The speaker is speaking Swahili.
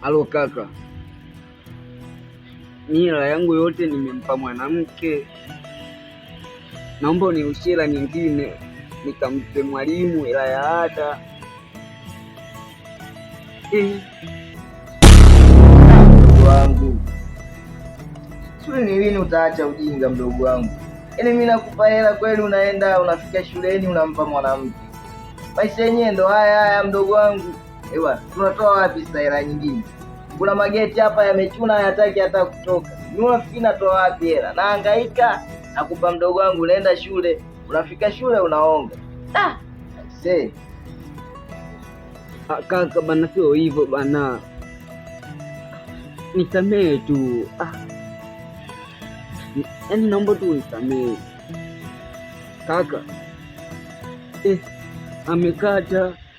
Halo kaka, hela yangu yote nimempa mwanamke, naomba unihusie hela nyingine nikampe mwalimu hela ya ada wangu suli, ni lini utaacha ujinga mdogo wangu? Yaani mimi nakupa hela kweli, unaenda unafika shuleni unampa mwanamke? Maisha yenyewe ndo haya haya mdogo wangu. Ewa, tunatoa wapi sasa hela nyingine? Kuna mageti hapa yamechuna hayataki hata kutoka. Ni wapi natoa wapi hela? Nahangaika nakupa mdogo wangu unaenda shule. Unafika shule unaonga. Ah, ah kaka bana sio hivyo bana. Nisamee tu. Ah. Yaani naomba tu nisamee. Kaka. Eh, amekata